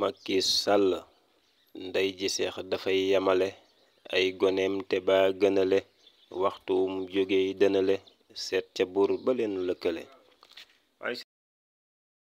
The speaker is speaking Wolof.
Macky Sall ndey ji seex dafay yemale ay goneem te baa gënale waxtu mu jógey dënale seet ca buur ba leen lëkkale